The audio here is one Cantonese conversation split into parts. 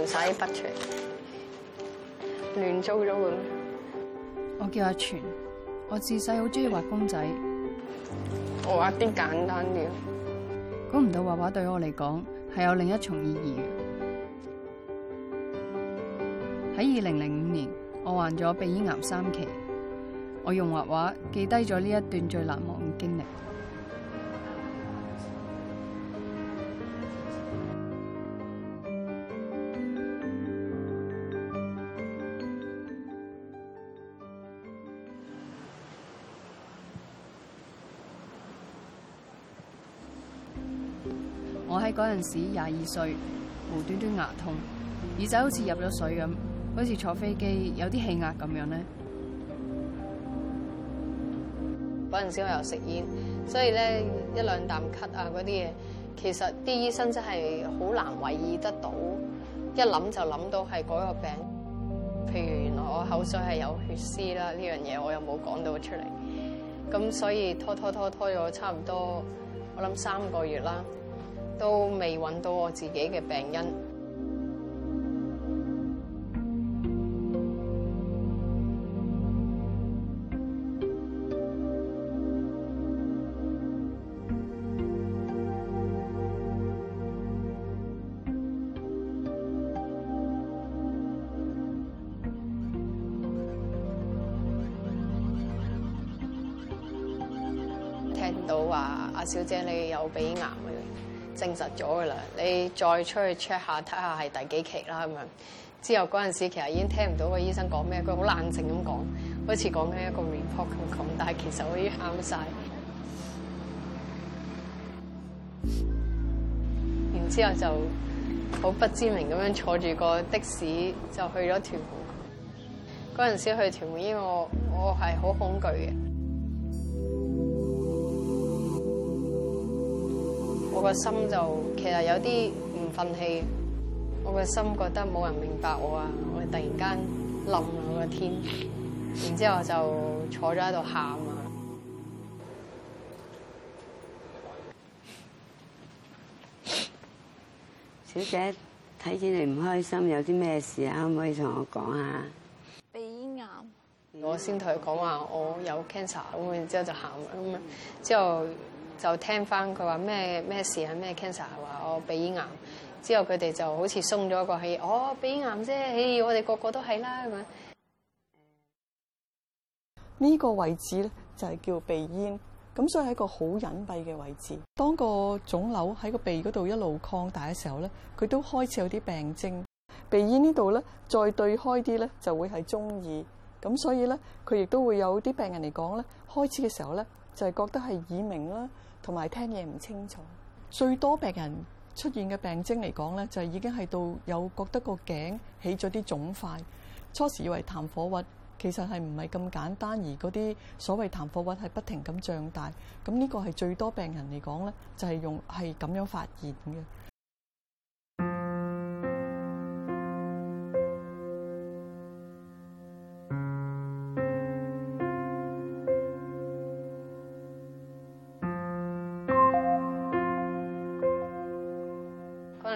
唔使不著，亂糟咗咁。我叫阿全，我自細好中意畫公仔，我畫啲簡單啲。估唔到畫畫對我嚟講係有另一重意義嘅。喺二零零五年，我患咗鼻咽癌三期，我用畫畫記低咗呢一段最難忘嘅經歷。時廿二歲，無端端牙痛，耳仔好似入咗水咁，好似坐飛機有啲氣壓咁樣咧。嗰陣時我又食煙，所以咧一兩啖咳啊嗰啲嘢，其實啲醫生真係好難為意得到，一諗就諗到係嗰個病。譬如原來我口水係有血絲啦，呢樣嘢我又冇講到出嚟，咁所以拖拖拖拖咗差唔多，我諗三個月啦。都未揾到我自己嘅病因。聽到話阿小姐你有鼻癌嘅。證實咗噶啦，你再出去 check 下睇下係第幾期啦咁樣。之後嗰陣時其實已經聽唔到個醫生講咩，佢好冷靜咁講，好似講緊一個 report 咁講，但係其實我已經喊晒。然之後就好不知名咁樣坐住個的士就去咗屯門。嗰陣時去屯門因為，我我係好恐懼嘅。我個心就其實有啲唔忿氣，我個心覺得冇人明白我啊！我突然間冧我個天，然之後就坐咗喺度喊啊！小姐，睇見你唔開心，有啲咩事啊？可唔可以同我講啊？鼻咽癌，我先同佢講話，我有 cancer，咁然之後就喊，咁之後。就聽翻佢話，咩咩事啊？咩 cancer？話我鼻咽癌，之後佢哋就好似鬆咗一個氣，哦，鼻炎啫，嘿，我哋個個都係啦咁樣。呢個位置咧就係叫鼻咽，咁所以係一個好隱蔽嘅位置。當個腫瘤喺個鼻嗰度一路擴大嘅時候咧，佢都開始有啲病徵。鼻咽呢度咧再對開啲咧就會係中耳，咁所以咧佢亦都會有啲病人嚟講咧，開始嘅時候咧就係、是、覺得係耳鳴啦。同埋聽嘢唔清楚，最多病人出現嘅病徵嚟講呢就係、是、已經係到有覺得個頸起咗啲腫塊，初時以為痰火核，其實係唔係咁簡單，而嗰啲所謂痰火核係不停咁脹大，咁呢個係最多病人嚟講呢就係、是、用係咁樣發現嘅。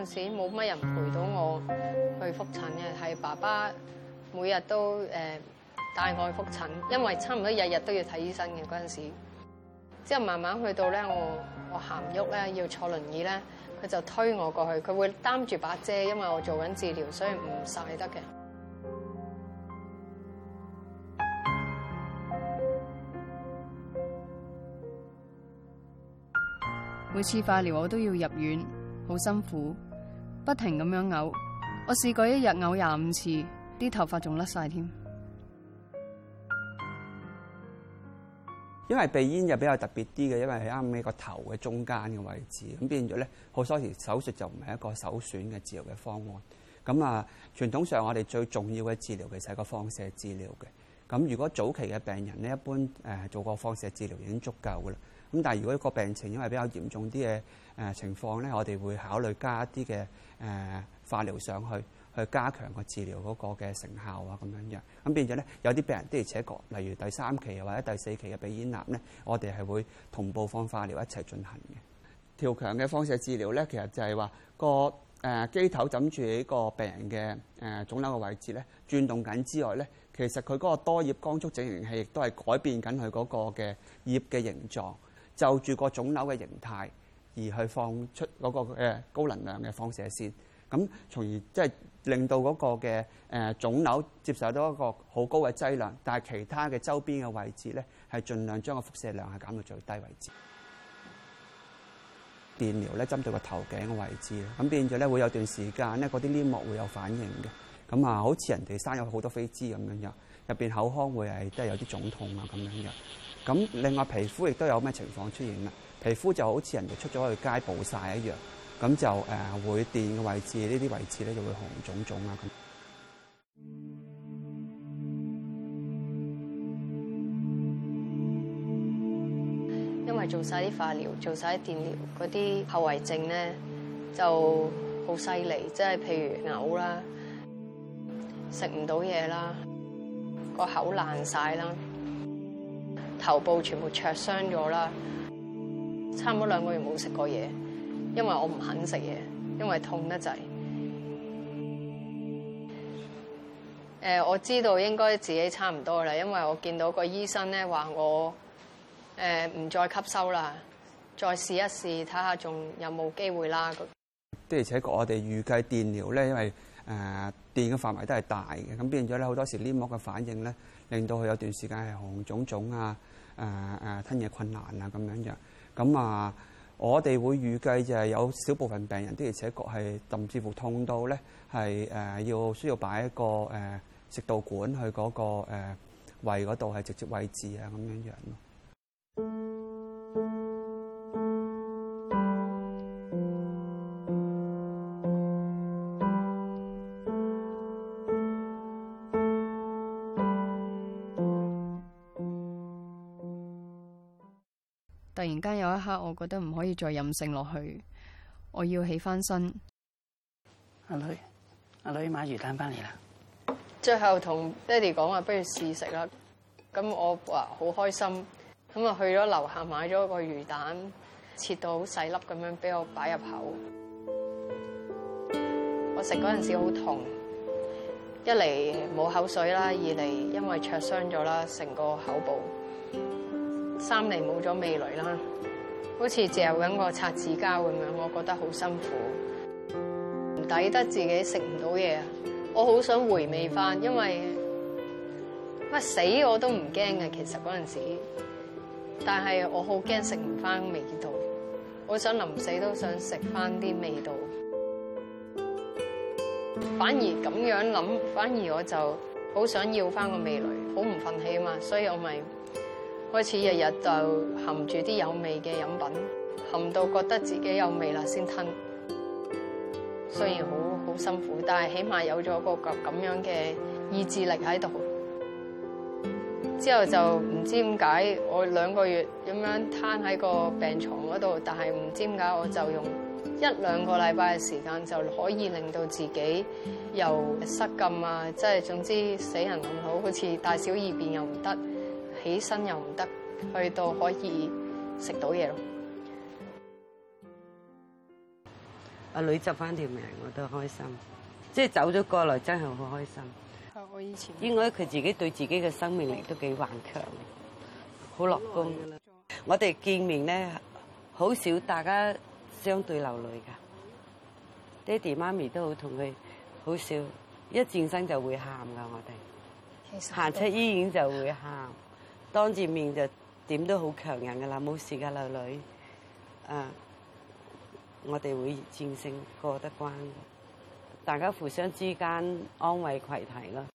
嗰陣時冇乜人陪到我去復診嘅，係爸爸每日都誒、呃、帶我去復診，因為差唔多日日都要睇醫生嘅嗰陣時。之後慢慢去到咧，我我行唔喐咧，要坐輪椅咧，佢就推我過去，佢會擔住把遮，因為我做緊治療，所以唔晒得嘅。每次化療我都要入院，好辛苦。不停咁樣嘔，我試過一日嘔廿五次，啲頭髮仲甩晒添。因為鼻咽又比較特別啲嘅，因為係啱尾個頭嘅中間嘅位置，咁變咗咧，好多時手術就唔係一個首選嘅治療嘅方案。咁啊，傳統上我哋最重要嘅治療其實係個放射治療嘅。咁如果早期嘅病人咧，一般誒做過放射治療已經足夠噶啦。咁但係，如果個病情因為比較嚴重啲嘅誒情況咧，我哋會考慮加一啲嘅誒化療上去，去加強個治療嗰個嘅成效啊，咁樣樣咁變咗咧，有啲病人啲而且確，例如第三期或者第四期嘅鼻咽癌咧，我哋係會同步放化療一齊進行嘅。調強嘅方式嘅治療咧，其實就係話個誒機頭枕住呢個病人嘅誒腫瘤嘅位置咧，轉動緊之外咧，其實佢嗰個多葉光束整形器亦都係改變緊佢嗰個嘅葉嘅形狀。就住個腫瘤嘅形態而去放出嗰個高能量嘅放射線，咁從而即係令到嗰個嘅誒腫瘤接受到一個好高嘅劑量，但係其他嘅周邊嘅位置咧係盡量將個輻射量係減到最低位置。電療咧針對個頭頸嘅位置，咁變咗咧會有段時間咧嗰啲黏膜會有反應嘅，咁啊好似人哋生有好多痱滋咁樣樣，入邊口腔會係都係有啲腫痛啊咁樣樣。咁另外皮膚亦都有咩情況出現啦？皮膚就好似人哋出咗去街暴曬一樣，咁就誒會電嘅位置，呢啲位置咧就會紅腫腫啦。咁因為做晒啲化療、做晒啲電療，嗰啲後遺症咧就好犀利，即係譬如嘔啦，食唔到嘢啦，個口爛晒啦。頭部全部灼傷咗啦，差唔多兩個月冇食過嘢，因為我唔肯食嘢，因為痛得滯。誒、呃，我知道應該自己差唔多啦，因為我見到個醫生咧話我誒唔、呃、再吸收啦，再試一試睇下仲有冇機會啦。的而且確，我哋預計電療咧，因為誒、呃、電嘅範圍都係大嘅，咁變咗咧好多時黏膜嘅反應咧，令到佢有段時間係紅腫腫啊。誒誒、啊啊、吞嘢困難啊，咁樣樣咁啊，我哋會預計就係有少部分病人而且確係甚至乎痛到咧，係要、啊、需要擺一個、啊、食道管去嗰、嗰個胃嗰度係直接位置啊，咁樣樣咯。突然間有一刻，我覺得唔可以再任性落去，我要起翻身。阿女，阿女買魚蛋翻嚟啦。最後同爹哋講話，不如試食啦。咁我話好開心，咁啊去咗樓下買咗個魚蛋，切到好細粒咁樣，俾我擺入口。我食嗰陣時好痛，一嚟冇口水啦，二嚟因為灼傷咗啦，成個口部。三年冇咗味蕾啦，好似嚼緊個擦紙膠咁樣，我覺得好辛苦，唔抵得自己食唔到嘢啊！我好想回味翻，因為乜死我都唔驚嘅，其實嗰陣時候，但係我好驚食唔翻味道，我想臨死都想食翻啲味道，反而咁樣諗，反而我就好想要翻個味蕾，好唔忿氣啊嘛，所以我咪。開始日日就含住啲有味嘅飲品，含到覺得自己有味啦先吞。雖然好好辛苦，但係起碼有咗個咁樣嘅意志力喺度。之後就唔知點解，我兩個月咁樣攤喺個病床嗰度，但係唔知點解我就用一兩個禮拜嘅時間就可以令到自己又失禁啊，即係總之死人咁好，好似大小二便又唔得。起身又唔得，去到可以食到嘢咯。阿女執翻條命，我都開心。即係走咗過來，真係好開心。我以前應該佢自己對自己嘅生命力都幾頑強，好樂觀。我哋見面咧，好少大家相對流淚㗎。爹哋媽咪都好同佢，好少一轉身就會喊㗎。我哋行其實 出醫院就會喊。當住面就點都好強硬嘅啦，冇事噶，女女，誒、啊，我哋會戰勝過得關，大家互相之間安慰攜提咯。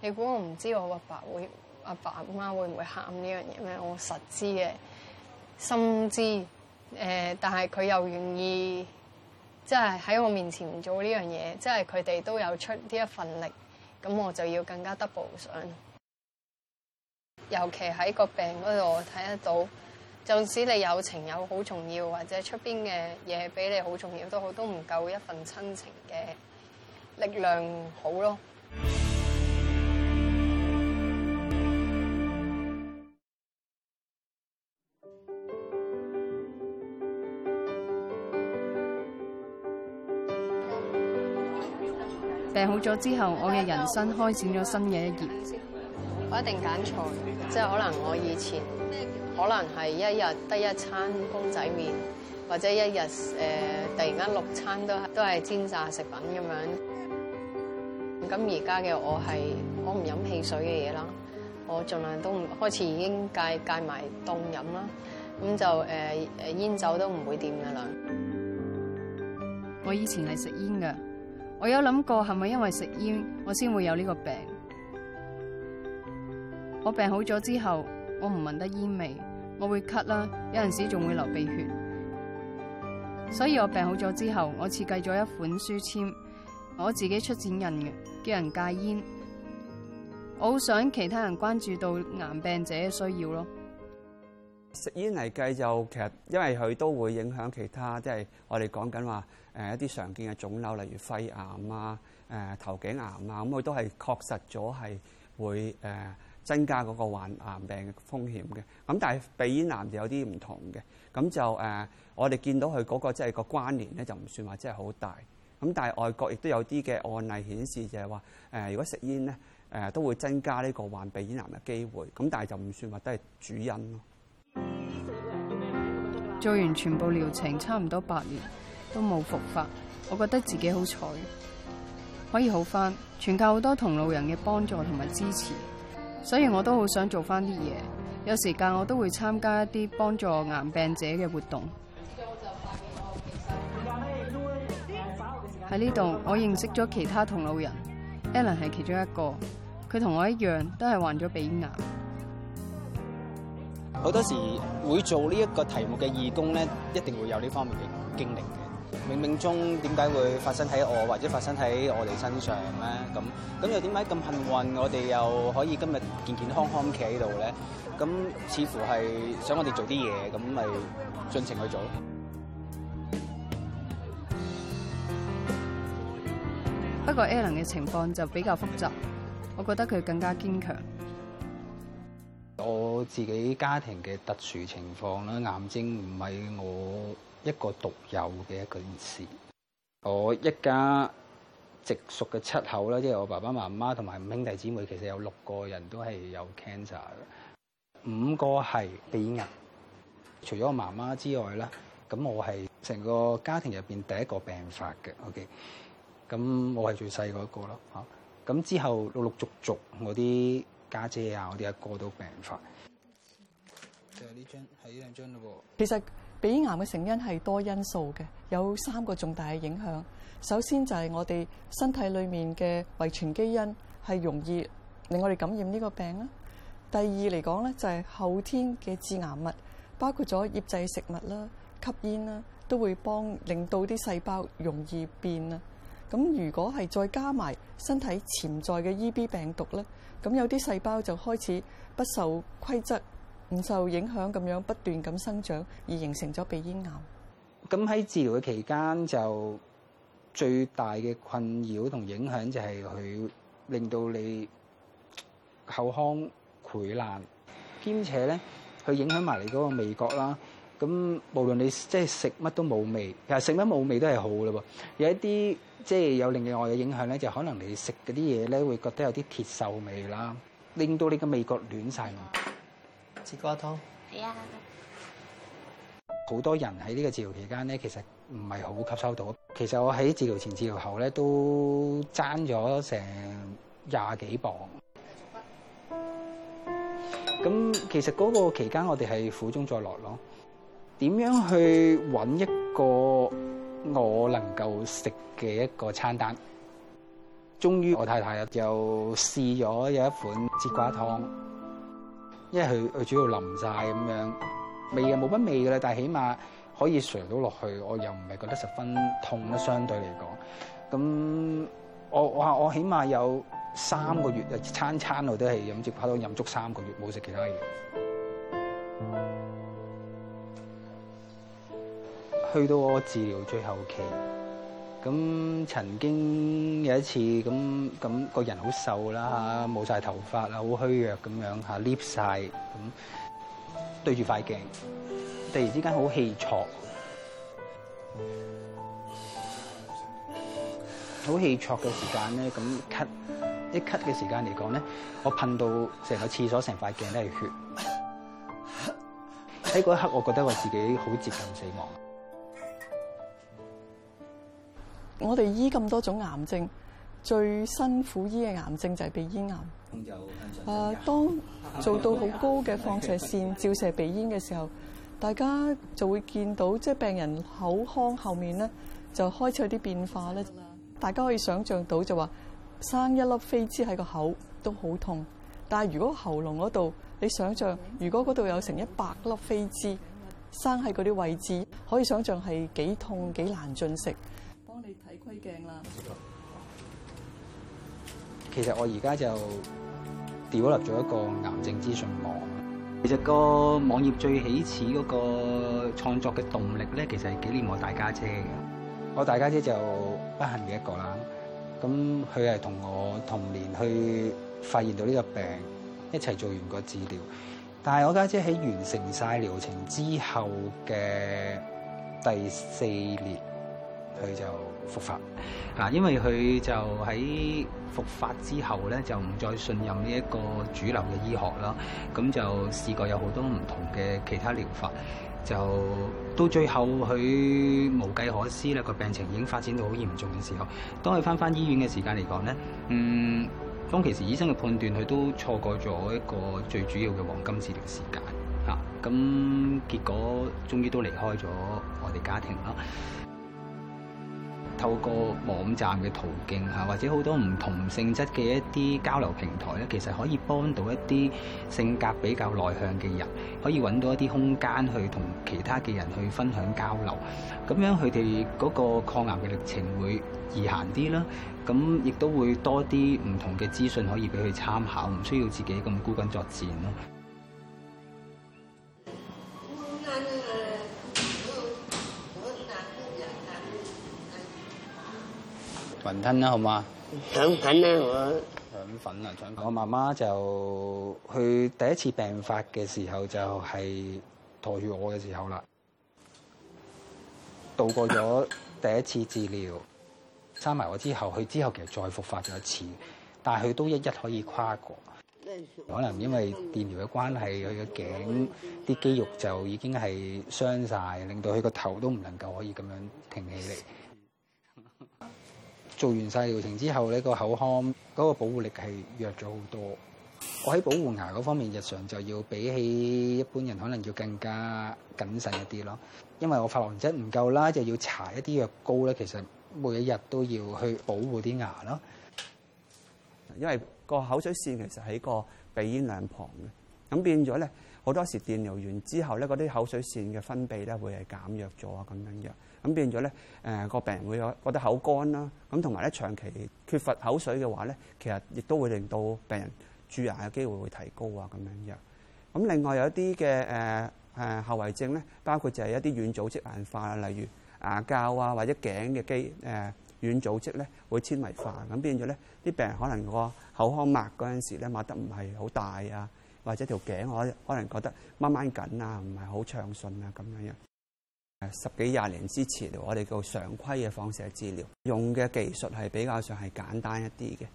你估我唔知我阿爸會阿爸阿媽會唔會喊呢樣嘢咩？我實知嘅，心知誒、呃，但係佢又願意，即係喺我面前做呢樣嘢，即係佢哋都有出呢一份力，咁我就要更加 double 上。尤其喺個病嗰度睇得到，縱使你有情有好重要，或者出邊嘅嘢畀你好重要都好，都唔夠一份親情嘅力量好咯。病好咗之後，我嘅人生開展咗新嘅一頁。我一定揀錯，即係可能我以前可能係一日得一餐公仔麵，或者一日誒、呃、突然間六餐都係都係煎炸食品咁樣。咁而家嘅我係我唔飲汽水嘅嘢啦，我盡量都唔開始已經戒戒埋凍飲啦。咁就誒誒、呃、煙酒都唔會掂噶啦。我以前係食煙㗎，我有諗過係咪因為食煙我先會有呢個病？我病好咗之後，我唔聞得煙味，我會咳啦，有陣時仲會流鼻血。所以我病好咗之後，我設計咗一款書籤，我自己出錢印嘅，叫人戒煙。我好想其他人關注到癌病者嘅需要咯。食煙嚟計就其實，因為佢都會影響其他，即係我哋講緊話誒一啲常見嘅腫瘤，例如肺癌啊、誒頭頸癌啊，咁佢都係確實咗係會誒。呃增加嗰個患癌病嘅風險嘅，咁但係鼻咽癌就有啲唔同嘅，咁就誒，我哋見到佢嗰、那個即係、就是、個關聯咧，就唔算話真係好大。咁但係外國亦都有啲嘅案例顯示就，就係話誒，如果食煙咧誒、呃，都會增加呢個患鼻咽癌嘅機會。咁但係就唔算話都係主因咯。做完全部療程差不，差唔多八年都冇復發，我覺得自己好彩，可以好返，全靠好多同路人嘅幫助同埋支持。所以我都好想做翻啲嘢，有時間我都會參加一啲幫助癌病者嘅活動。喺呢度，我認識咗其他同路人，Ellen 係其中一個，佢同我一樣都係患咗鼻癌。好多時會做呢一個題目嘅義工咧，一定會有呢方面嘅經歷。冥冥中點解會發生喺我或者發生喺我哋身上咧？咁咁又點解咁幸運？我哋又可以今日健健康康企喺度咧？咁似乎係想我哋做啲嘢，咁咪盡情去做。不過 Alan 嘅情況就比較複雜，我覺得佢更加堅強。我自己家庭嘅特殊情況啦，癌症唔係我。一個獨有嘅一個意思。我一家直屬嘅七口啦，即係我爸爸媽媽同埋五兄弟姊妹，其實有六個人都係有 cancer 嘅，五個係鼻咽癌。除咗我媽媽之外啦。咁我係成個家庭入邊第一個病發嘅。OK，咁我係最細嗰個咯。嚇，咁之後陸陸續續我啲家姐啊，我啲阿哥都病發。就係呢張，係呢兩張咯喎。其實。鼻咽癌嘅成因係多因素嘅，有三個重大嘅影響。首先就係我哋身體裏面嘅遺傳基因係容易令我哋感染呢個病啦；第二嚟講咧，就係後天嘅致癌物，包括咗醃製食物啦、吸煙啦，都會幫令到啲細胞容易變啊。咁如果係再加埋身體潛在嘅 EB 病毒咧，咁有啲細胞就開始不受規則。唔受影響咁樣不斷咁生長，而形成咗鼻咽癌。咁喺治療嘅期間，就最大嘅困擾同影響就係佢令到你口腔潰爛，兼且咧，佢影響埋你嗰個味覺啦。咁無論你即係食乜都冇味，其實食乜冇味都係好噶嘞噃。有一啲即係有另外嘅影響咧，就可能你食嗰啲嘢咧，會覺得有啲鐵銹味啦，令到你嘅味覺亂晒。節瓜湯係啊，好多人喺呢個治療期間咧，其實唔係好吸收到。其實我喺治療前、治療後咧都爭咗成廿幾磅。咁其實嗰個期間我哋係苦中再樂咯。點樣去揾一個我能夠食嘅一個餐單？終於我太太又試咗有一款節瓜湯。即係佢，佢主要淋晒咁樣，味啊，冇乜味㗎啦，但係起碼可以 s 到落去，我又唔係覺得十分痛啦。相對嚟講，咁我我我起碼有三個月啊，餐餐我都係飲只花膠，飲足三個月，冇食其他嘢，去到我治療最後期。咁曾經有一次咁，咁個人好瘦啦，嚇，冇晒頭髮啦，好虛弱咁樣嚇，舐曬咁對住塊鏡，突然之間好氣挫，好氣挫嘅時間咧，咁咳一咳嘅時間嚟講咧，我噴到成個廁所成塊鏡都係血，喺嗰一刻我覺得我自己好接近死亡。我哋醫咁多種癌症，最辛苦醫嘅癌症就係鼻咽癌。咁、啊、當做到好高嘅放射線照射鼻咽嘅時候，大家就會見到即係、就是、病人口腔後面咧就開始有啲變化咧。大家可以想像到就話生一粒飛枝喺個口都好痛，但係如果喉嚨嗰度你想象，如果嗰度有成一百粒飛枝生喺嗰啲位置，可以想像係幾痛幾難進食。幫你睇窺鏡啦。其實我而家就建立咗一個癌症資訊網。其實個網頁最起始嗰個創作嘅動力咧，其實係紀念我大家姐嘅。我大家姐就不幸嘅一個啦。咁佢係同我同年去發現到呢個病，一齊做完個治療。但係我家姐喺完成晒療程之後嘅第四年。佢就復發啊，因為佢就喺復發之後咧，就唔再信任呢一個主流嘅醫學啦。咁就試過有好多唔同嘅其他療法，就到最後佢無計可施啦。個病情已經發展到好嚴重嘅時候，當佢返返醫院嘅時間嚟講咧，嗯，當其時醫生嘅判斷，佢都錯過咗一個最主要嘅黃金治療時間啊。咁結果終於都離開咗我哋家庭啦。透過網站嘅途徑吓，或者好多唔同性質嘅一啲交流平台咧，其實可以幫到一啲性格比較內向嘅人，可以揾到一啲空間去同其他嘅人去分享交流，咁樣佢哋嗰個抗癌嘅歷程會易行啲啦。咁亦都會多啲唔同嘅資訊可以俾佢參考，唔需要自己咁孤軍作戰咯。雲吞啦，好嘛？腸粉咧，我腸粉啊，腸粉。粉，我媽媽就佢第一次病發嘅時候，就係拖住我嘅時候啦。度過咗第一次治療，生埋我之後，佢之後其實再復發咗一次，但係佢都一一可以跨過。可能因為電療嘅關係，佢嘅頸啲肌肉就已經係傷晒，令到佢個頭都唔能夠可以咁樣挺起嚟。做完晒療程之後呢，呢個口腔嗰個保護力係弱咗好多。我喺保護牙嗰方面，日常就要比起一般人可能要更加謹慎一啲咯。因為我發黃質唔夠啦，就要搽一啲藥膏咧。其實每一日都要去保護啲牙咯。因為個口水腺其實喺個鼻咽兩旁嘅。咁變咗咧，好多時電療完之後咧，嗰啲口水腺嘅分泌咧會係減弱咗啊，咁樣樣咁變咗咧，誒、呃、個病人會有覺得口乾啦。咁同埋咧，長期缺乏口水嘅話咧，其實亦都會令到病人蛀牙嘅機會會提高啊，咁樣樣。咁另外有一啲嘅誒誒後遺症咧，包括就係一啲軟組織硬化啊，例如牙膠啊或者頸嘅肌誒軟組織咧會纖維化，咁變咗咧啲病人可能個口腔抹嗰陣時咧抹得唔係好大啊。或者條頸我可能覺得掹掹緊啊，唔係好暢順啊，咁樣樣。誒，十幾廿年之前，我哋叫常規嘅放射治療，用嘅技術係比較上係簡單一啲嘅。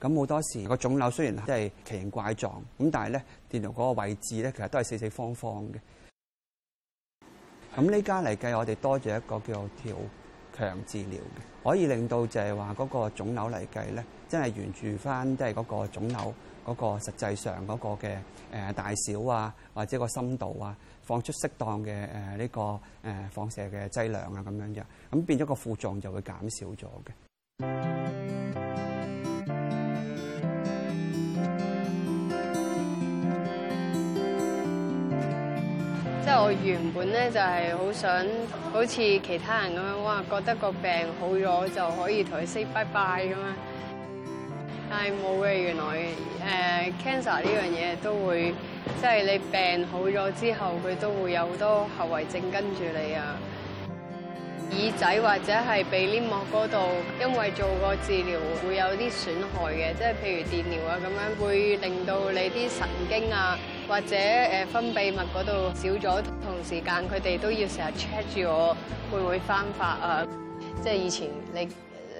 咁好多時個腫瘤雖然即係奇形怪狀，咁但係咧電療嗰個位置咧，其實都係四四方方嘅。咁呢間嚟計，我哋多咗一個叫做調強治療嘅，可以令到就係話嗰個腫瘤嚟計咧，真係沿住翻，即係嗰個腫瘤。嗰個實際上嗰個嘅誒大小啊，或者個深度啊，放出適當嘅誒呢個誒、呃、放射嘅劑量啊，咁樣啫，咁變咗個負重就會減少咗嘅。即係我原本咧就係、是、好想，好似其他人咁樣，哇，覺得個病好咗就可以同佢 say bye bye 咁啊！但係冇嘅，原來誒 cancer 呢樣嘢都會，即係你病好咗之後，佢都會有好多後遺症跟住你啊！耳仔或者係鼻黏膜嗰度，因為做過治療會有啲損害嘅，即係譬如電療啊咁樣，會令到你啲神經啊或者誒分泌物嗰度少咗，同時間佢哋都要成日 check 住我會唔會翻發啊！即係以前你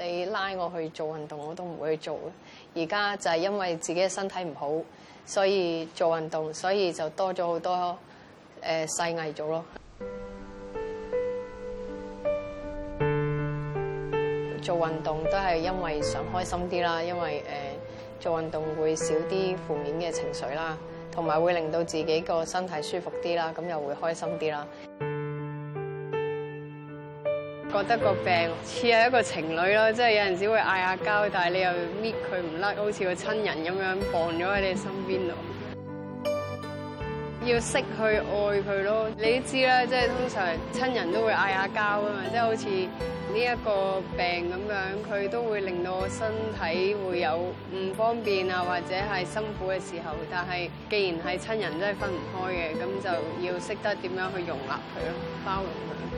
你拉我去做運動，我都唔會去做。而家就係因為自己嘅身體唔好，所以做運動，所以就多咗好多誒細藝做咯。做運動都係因為想開心啲啦，因為誒、呃、做運動會少啲負面嘅情緒啦，同埋會令到自己個身體舒服啲啦，咁又會開心啲啦。覺得個病似係一個情侶咯，即係有陣時會嗌下交，但係你又搣佢唔甩，好似個親人咁樣放咗喺你身邊度。要識去愛佢咯，你都知啦，即係通常親人都會嗌下交啊嘛，即係好似呢一個病咁樣，佢都會令到我身體會有唔方便啊，或者係辛苦嘅時候。但係既然係親人，真係分唔開嘅，咁就要識得點樣去容納佢咯，包容佢。